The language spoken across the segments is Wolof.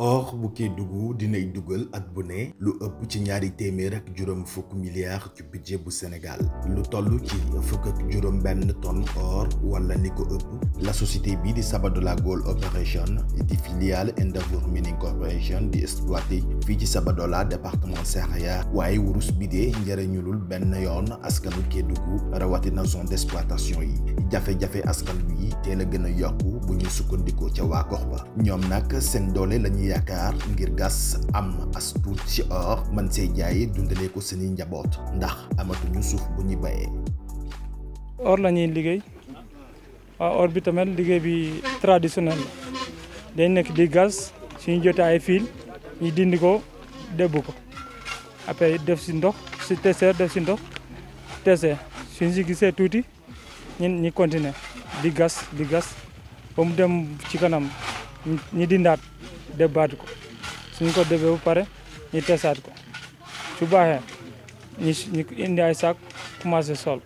or bu Kédougou dinay dugal at bu ne lu ëpp ci ñaari téeméer ak juróom fukk milliards ci budget bu Sénégal lu toll ci fukk ak juróom or wala li ko ëpp la société bi di saba Sabodala Gold Operation di filiale Endeavour Mining Corporation di exploité fii ci Sabodala département ya waaye wurus bi dee njëriñulul benn yoon askanu Kédougou rawatina zone d'exploitation yi jafe-jafe askan wi teel a gën a yokk bu sukkandikoo ca waa gox ba ñoom nag seen doole lañuy yaakaar ngir gas am as tuut ci or man see jaay dundalee ko seeni njaboot ndax amatuñu suuf bu ñu bayee. or la ñuy liggéey waaw or bi tamit liggéey bi traditionnel la day nekk di gas suñu jotee ay fil ñu dindi ko debbu ko après def si ndox si teseer def si ndox teseer suñ si gisee tuuti ñun ñi continuer di gas di gas ba dem ci kanam ñi dindaat débbaat ko suñ ko débee ba pare ñu tesaat ko su baaxee ñu ñu indi ay saak commencé sol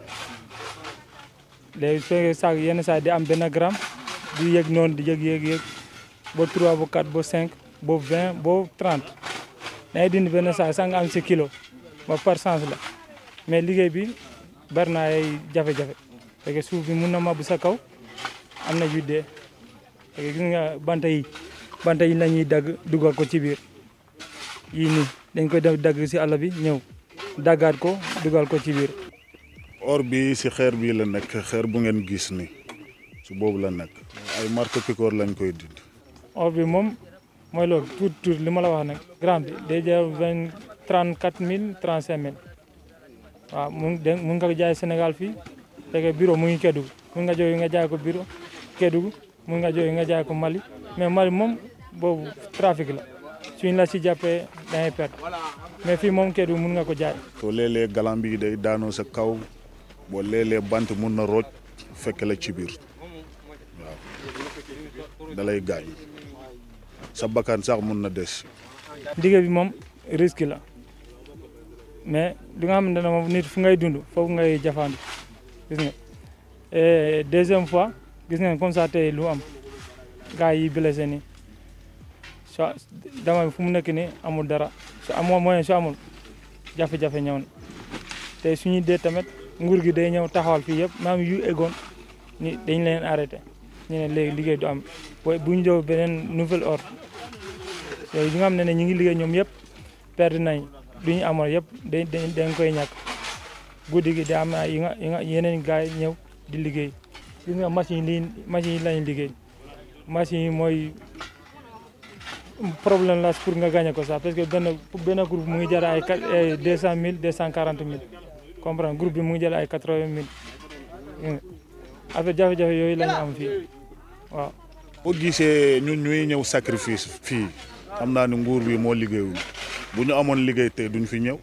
léegi su fekkee saak yenn saa di am benn gramme di yëg noonu di yëg yëg yëg ba 3 ba 4 ba 5 ba 20 ba 30 dangay dindi benn saak sax nga am si kilo ba par chance la mais liggéey bi bari na ay jafe-jafe suuf bi mun na mabbu sa kaw am na juddee banta yi bante yi la ñuy dagg dugal ko ci biir yii nii dañ koy def dagg si àll bi ñëw daggaat ko dugal ko ci biir. or bi si xeer bii la nekk xeer bu ngeen gis ni su boobu la nekk ay marteau lañ koy dindi. or bi moom mooy loolu tuut tuut li ma la wax nag grand bi day jar vingt trente quatre mille trente cinq mille waaw mun de mun nga jaay Sénégal fii fekk bureau mu ngi Kédougou mun nga jógee nga jaay ko bureau Kédougou mun nga jógee nga jaay ko Mali mais Mali moom. boobu trafic la suñ la si jàppee da ngay perte mais fii moom Kédougou mun nga ko jaay. soo léeg-léeg bi day daanoo sa kaw boo léeg-léeg bant mun na rooj fekk la ci biir waaw da lay gaañ sa sax mun na des. liggéey bi moom risque la mais li nga xamante ne moom nit fu ngay dund foofu ngay jafandu gis nga et fois gis nga comme ça tey lu am gars yi blessé so dama bi fu mu nekk nii amul dara su amoo moyen su amul jafe-jafe ñëw na te suñu dee tamit nguur gi day ñëw taxawal fii yëpp maam yu eggoon ni dañ leen arrêté ñu léegi liggéey du am booy bu ñu jow beneen nouvelle or yooyu ñu nga xam ne ne ñu ngi liggéey ñoom yëpp perte nañ du ñu amoon yëpp dañ dañ koy ñàkk guddi gi da am yi nga yi nga yeneen gars yi ñëw di liggéey gis nga machine yi lii yi lañ liggéey mooy problème la pour nga gagné ko sax parce que benn benn groupe mu ngi jar ay ay deux cent mille deux cent quarante mille comprendre bi mu ngi jar ay quatre vingt mille affaire jafe-jafe yooyu la ñu am fii waaw. boo gisee ñun ñuy ñëw sacrifice fii xam naa ni nguur bi moo liggéeyul bu ñu amoon liggéey tey duñu fi ñëw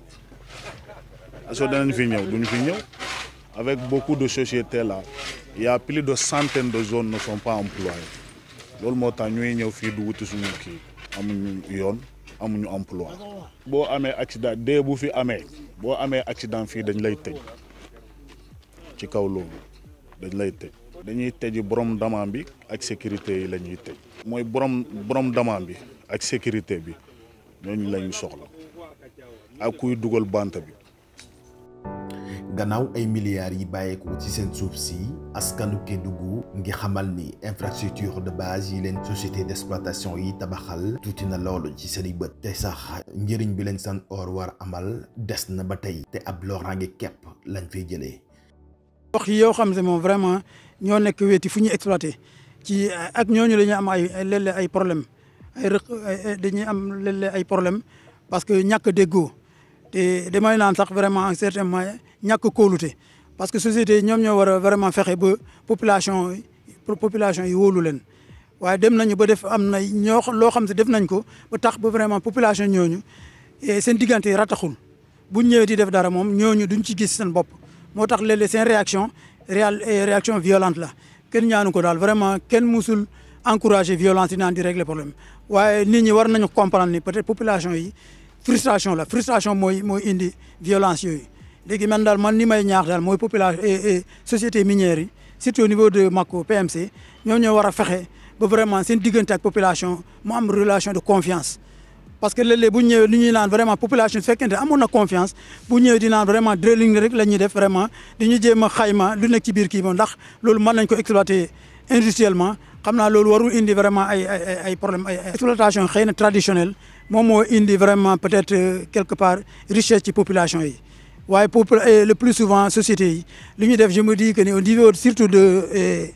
soo danañ fi ñëw duñ fi ñëw avec beaucoup de sociétés là il y a plus de centaines de zones ne sont pas employées loolu moo tax ñuy ñëw fii du wuti suñu kii. amuñu yoon amuñu emploi boo amee accident dee bu fi amee boo amee accident fii dañ lay tëj ci kaw loolu dañ lay tëj dañuy tëji borom damaam bi ak sécurité yi la ñuy tëj mooy borom borom damaam bi ak sécurité bi ñooñu la ñu soxla ak kuy dugal bant bi gannaaw ay milliards yi bàyyeeku ci seen suuf si askanu Kédougou ngi xamal ni infrastructure de base yi leen société d'exploitation yi tabaxal tuuti na loolu ci seeni bët te sax njëriñ bi leen seen or war amal des na ba tey te ab loraange kepp lañ fay jëlee. wax yoo xam ne moom vraiment ñoo nekk wéeti fu ñuy exploité ci ak ñooñu dañuy am ay léeg ay problème ay rëq dañuy am léeg-léeg ay problème parce que ñàkk déggoo te damay naan sax vraiment en certain ñàkk kóolute parce que société yi ñoom ñoo war a vraiment fexe ba population population yi wóolu leen waaye dem nañu ba def am na ñoo loo xam ne def nañ ko ba tax ba vraiment population ñooñu eh, seen diggante yi rataxul buñ ñëwee di def dara moom ñooñu duñ ci gis seen bopp moo tax léeg-léeg seen réaction réal eh, réaction violente la kenn ñaanu ko daal vraiment kenn musul encourager violence yi naan di régler problème waaye nit ñi war nañu comprendre ni peut-être population yi frustration la frustration mooy mooy indi violence yooyu léegi man daal man li may ñaax daal mooy population et eh, eh, société minière yi surtout au niveau de Mako PMC ñoom ñoo war a fexe ba vraiment seen diggante ak population mu relation de confiance. parce que léeg-léeg bu ñëwee li ñuy naan vraiment population su fekkente amoon na confiance bu ñëwee di naan vraiment drilling rek la ñuy def vraiment di ñu jéem a xayma lu nekk ci biir kii moom ndax loolu mën nañ ko exploiter industriellement xam naa loolu warul indi vraiment ay ay ay problème ay exploitation xëy na traditionnelle moom moo indi vraiment peut-être euh, quelque part richesse ci population yi. waaye pour eh, le plus souvent société yi li ñuy def je me dis que ni au niveau surtout de eh,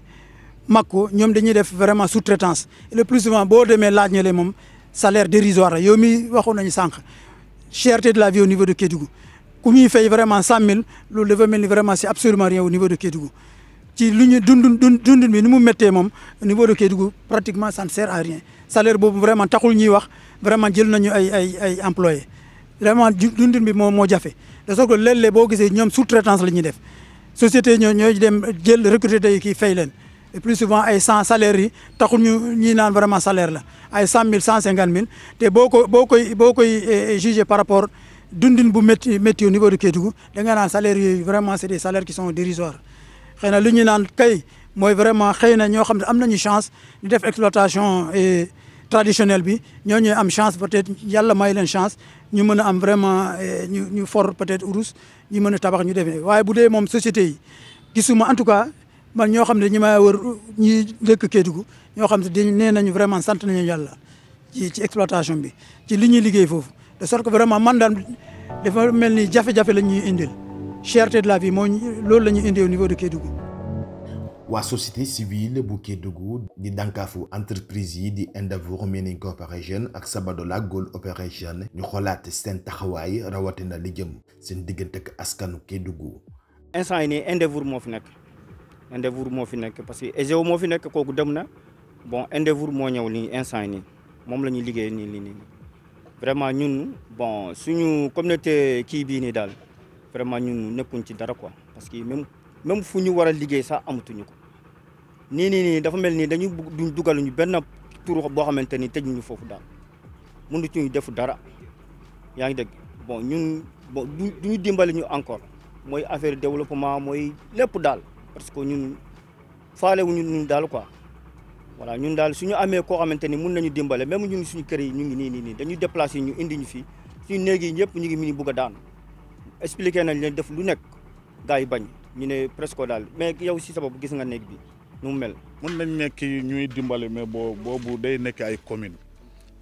Makko ñoom dañuy def vraiment sous le plus souvent boo demee laaj ñale moom salaire dérisoire la yow mi waxoon nañu sànq cherté de la vie au niveau de Kédougou ku ñuy fay vraiment cent mille loolu dafa mel ni vraiment c'est absolument rien au niveau de Kédougou ci lu ñu dund dundun bi ni mu méttee moom au niveau de Kédougou pratiquement ça ne sert à rien salaire boobu vraiment taxul ñuy wax vraiment jël nañu ay ay ay employés vraiment dundin bi moo moo jafe de sorte que léeg-léeg boo gisee ñoom sous la ñuy def société ñoo ñooy dem jël recruter tey kii fay leen et plus souvent ay cent salaires yi taxul ñu ñuy naan vraiment salaire la ay cent mille cent cinquante mille te bo ko boo koy boo koy eh, eh, jugé par rapport dundin bu métti métti au niveau de Kédougou da nga naan salaires vraiment c'est des salaires qui sont dérisoires xëy na lu ñuy naan kay mooy vraiment xëy na ñoo xam ne am nañu chance di def exploitation traditionnel bi ñoo ñooy am chance peut-être yàlla may leen chance ñu mën a am vraiment eh, ñu ñu for peut-être urus ñi mën a tabax ñu defee waaye bu dee moom société yi gisuma en tout cas man ñoo xam ne ñi ma wër ñi dëkk Kédougou ñoo xam ne dañ nee nañu vraiment sant nañu yàlla ci ci exploitation bi ci li ñuy liggéey foofu de sorte que vraiment man daan dafa mel ni jafe-jafe la ñuy indil cherté de la vie moo loolu la ñuy indi au niveau de Kédougou waa société civile bu Kédougou di dànkaafu entreprise yi di Endeavour Mining Corporation ak Sabodala Gold Operation ñu xoolaat seen taxawaay rawatina li jëm seen diggante ak askanu Kédougou. instant yi nii Endeavour moo fi nekk Endeavour moo fi nekk parce que EGO moo fi nekk kooku dem na bon Endeavour moo ñëw nii instant yi moom la ñuy liggéey nii nii nii vraiment ñun bon suñu communauté kii bii nii daal vraiment ñun nekkuñ ci dara quoi parce que même. même fu ñu war a liggéey sax amatuñu ko nii nii nii dafa mel nii dañu duñ dugal ñu benn tur boo xamante ni tëj ñu foofu daal mënuñu def dara yaa ngi dégg bon ñun bon du ñu dimbali ñu encore mooy affaire développement mooy lépp daal parce que ñun faale wuñu ñun daal ko voilà ñun daal su ñu amee koo xamante ni mun nañu dimbale même ñun suñu kër yi ñu ngi nii nii nii dañuy déplacé ñu indi ñu fii suñu néeg yi ñëpp ñu ngi mini bugg a daan expliqué nañ leen def lu nekk gars yi bañ ñu ne presque daal mais yow si sababu gis nga néeg bi nu mu mel. mën nañ nekk ñuy dimbali mais boo boobu day nekk ay commune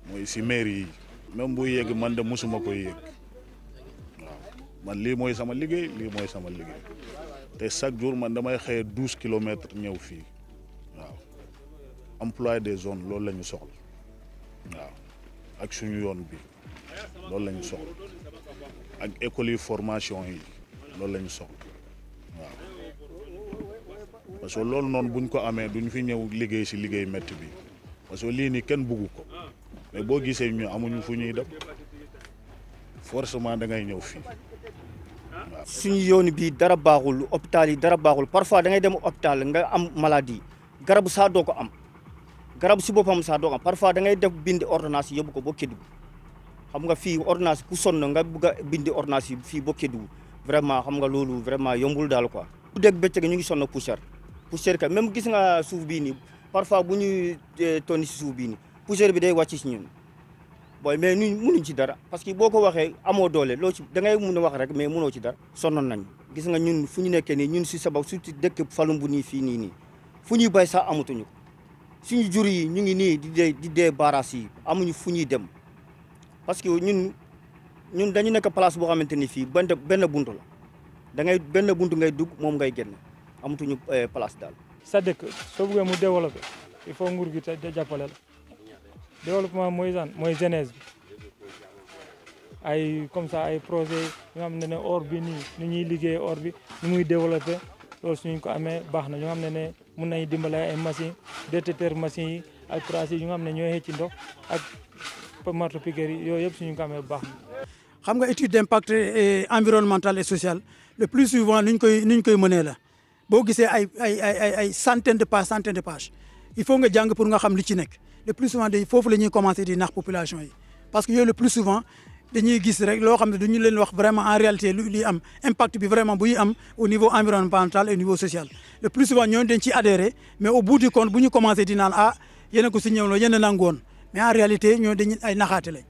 mooy si mairie yi même bu yéeg man de mosuma ko yéeg waaw man lii mooy sama liggéey lii mooy sama liggéey te chaque jour man damay xëye douze kilomètres ñëw fii waaw emploi des zone loolu lañu ñu soxla waaw ak suñu yoon bi loolu la ñu soxla ak école yi formation yi loolu lañu ñu soxla parce que loolu noonu buñ ko amee duñ fi ñëw liggéey si liggéey métti bi parce que lii nii kenn bugg ko boo gisee ñu amuñu fu ñuy dem forcément da ngay ñëw fii. suñu yoon bii dara baaxul hôpital yi dara baaxul parfois da ngay dem hôpital nga am maladi garabu saa doo ko am garab si boppam saa doo ko am parfois da ngay def bindi ordonnance yóbbu ko ba Kédougou xam nga fii ordonnance ku sonn nga bugg a bindi ordonnance yi fii ba Kédougou vraiment xam nga loolu vraiment yombul daal quoi. bu dégg ñu ngi sonn poussière. poussière ka même gis nga suuf bii nii parfois bu ñuy eh, tonni si suuf bii nii poussière bi day wàcc si ñun booy mais ñun mënuñ ci dara parce que boo ko waxee amoo doole loo ci da ngay mun a wax rek mais mënoo ci dara sonnoon nañ gis nga ñun fu ñu nekkee nii ñun si sabab surtout dëkk falum bu nii fii nii nii fu ñuy bay sax amatuñu suñu jur yi ñu ngi nii di dee di dee baaraas yi amuñu fu ñuy dem parce que ñun ñun dañu nekk place boo xamante ni fii benn benn buntu la da ngay benn buntu ngay dugg moom ngay génn amatuñu eh, place daal. sa dëkk soo buggee mu développé il faut nguur gi te jàppale la développement mooy zaan mooy jeunesse bi ay comme ça ay projet ñu xam ne ne or bi nii ni ñuy liggéey or bi ni muy développé loolu suñu ko amee baax na ñu xam ne ne mun nañu dimbale ay machine détecteur machine yi ak traces yi ñu xam ne ñooy xëcc ndox ak marteau piqueur yi yooyu yëpp suñu ko amee baax na. xam nga étude d'impact eh, environnemental et social le plus souvent boo gisee ay ay ay ay centaine de pages centaine de pages il faut nga jàng pour nga xam li ci nekk le plus souvent day foofu la ñuy commencer di nax population yi parce que yooyu le plus souvent dañuy gis rek loo xam ne duñu leen wax vraiment en réalité lu li am impact bi vraiment buy am au niveau environnemental et au niveau social le plus souvent ñooñu dañ ciy adhéré mais au bout du di naan ah yéen a ko signé loo yéen a nangu woon mais en réalité ñooñu dañuy ay naxaate lañ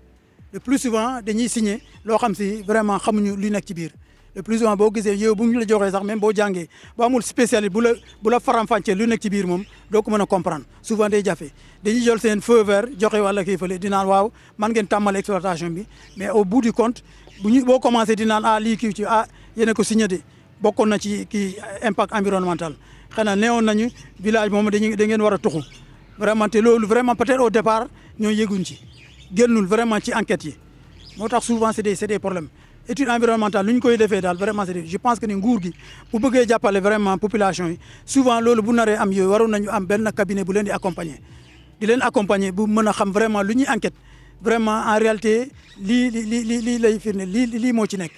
loo xam si vraiment xamuñu li ci biir le plus souvent boo gisee yow bu ñu la joxee sax même boo jàngee boo amul spécialiste bu la bu la faram-fàccee lu nekk ci biir moom doo ko mën a comprendre souvent day jafe dañuy jël seen feu vert joxe wala kii fële waaw mangeen ngeen tàmmal exploitation bi mais au bout du compte bu boo commencé di naan ah lii kii ci ah yéen a ko signé de bokkoon na ci kii impact environnemental xanaa neewoon nañu village moom dañuy da ngeen war a tuxu vraiment te loolu vraiment peut-être au départ ñoo yëguñ ci vraiment ci enquête yi moo tax souvent c'est des étude environnementale lu ñu koy defee daal vraiment c'est je pense que ni nguur gi bu bëggee jàppale vraiment population yi souvent loolu bu naree am yooyu waroon nañu am benn cabinet bu leen di accompagner di leen accompagner bu mën a xam vraiment lu ñuy enquête vraiment en réalité lii lii lii lii lay firnde lii lii moo ci nekk.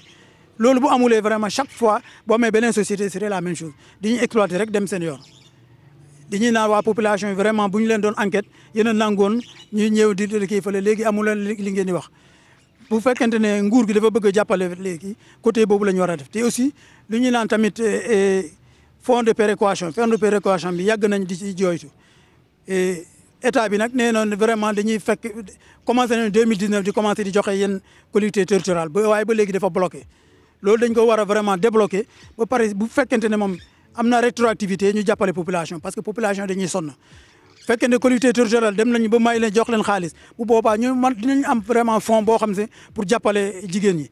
loolu bu amulee vraiment chaque fois boo amee beneen société c'est la même chose di ñu exploiter rek dem seen yoon di ñuy naan waa population yi vraiment bu ñu leen doon enquête yéen nangoon ñuy ñëw di kii fële léegi amu leen li ngeen di wax. bu fekkente ne nguur gi dafa bëgg a jàppale léegi côté boobu la ñu war a def te aussi lu ñu naan tamit eh, eh, fonds de péréquation fonds de péréquation bi yàgg nañ di ci jooytu eh, état bi nag nee na vraiment dañuy fekk commencé nañ 2019 di commencé di joxe yenn collectivité territoriale ba waaye ba léegi dafa bloqué loolu dañ ko war a vraiment débloqué ba pare bu fekkente ne moom am na rétroactivité ñu jàppale population parce que population dañuy sonn fekkee ne collectivité territoriale dem nañu ba may leen jox leen xaalis bu boobaa ñu man dinañ am vraiment fonds boo xam pour jàppale jigéen ñi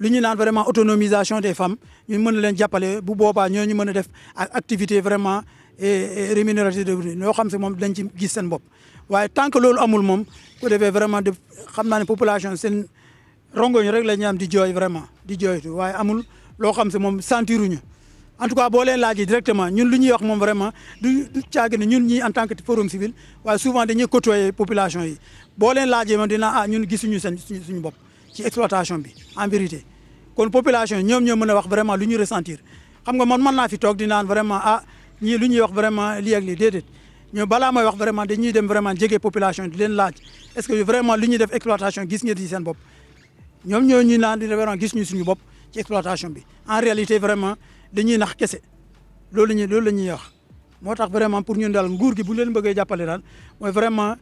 li ñu naan vraiment autonomisation des femmes ñu mën leen jàppale bu boobaa ñooñu mën a def ak activité vraiment et rémunérative de yoo xam ne moom dañ ci gis seen bopp waaye tant que loolu amul moom bu defee vraiment de xam naa ne population seen rongoñ rek la ñu di jooy vraiment di jooytu waaye amul loo xam ne moom sentiruñu en tout cas boo leen laajee directement ñun lu ñuy wax moom vraiment du du ñun ñii en tant que forum civil waaye souvent dañuy côtoyer population yi boo leen laajee man dina ah ñun gisuñu seen suñu bopp ci exploitation bi en vérité kon population yi ñoom ñoo mën a wax vraiment lu ñu ressentir xam nga man mën naa fi toog di naan vraiment ah ñii lu ñuy wax vraiment lii ak lii déedéet ñoom balaa may wax vraiment dañuy dem vraiment jege population di leen laaj est-ce que vraiment lu ñuy def exploitation gis ngeen ci seen bopp ñoom ñoo ñuy naan di vraiment gis ñu suñu bopp ci exploitation bi vraiment dañuy nax kese loolu ñu loolu la ñuy wax moo tax vraiment pour ñun daal nguur gi bu leen bëggee jàppale daal mooy vraiment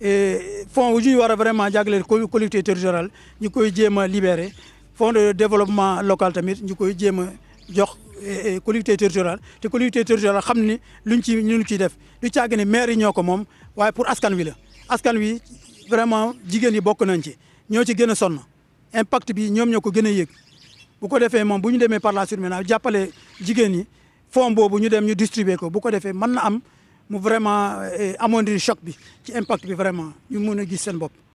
eh, fonds yu ñu war a vraiment jagleel collectivité territoriale ñu koy jéem a libéré fon de développement local tamit ñu koy jéem a jox eh, eh, collectivité territoriale te collectivité territoriale xam ni luñ ci luñ ciy def du càgg ne maire yi ñoo ko moom waaye pour askan wi la askan wi vraiment jigéen yi bokk nañ ci ñoo ci gën a sonn impact bi ñoom ñoo ko gën a yëg bu ko defee moom bu ñu demee par la surménage jàppale jigéen ñi fond boobu ñu dem ñu distribuer ko bu ko defee mën na am mu vraiment euh, amoon di bi ci impact bi vraiment ñu mun a gis seen bopp.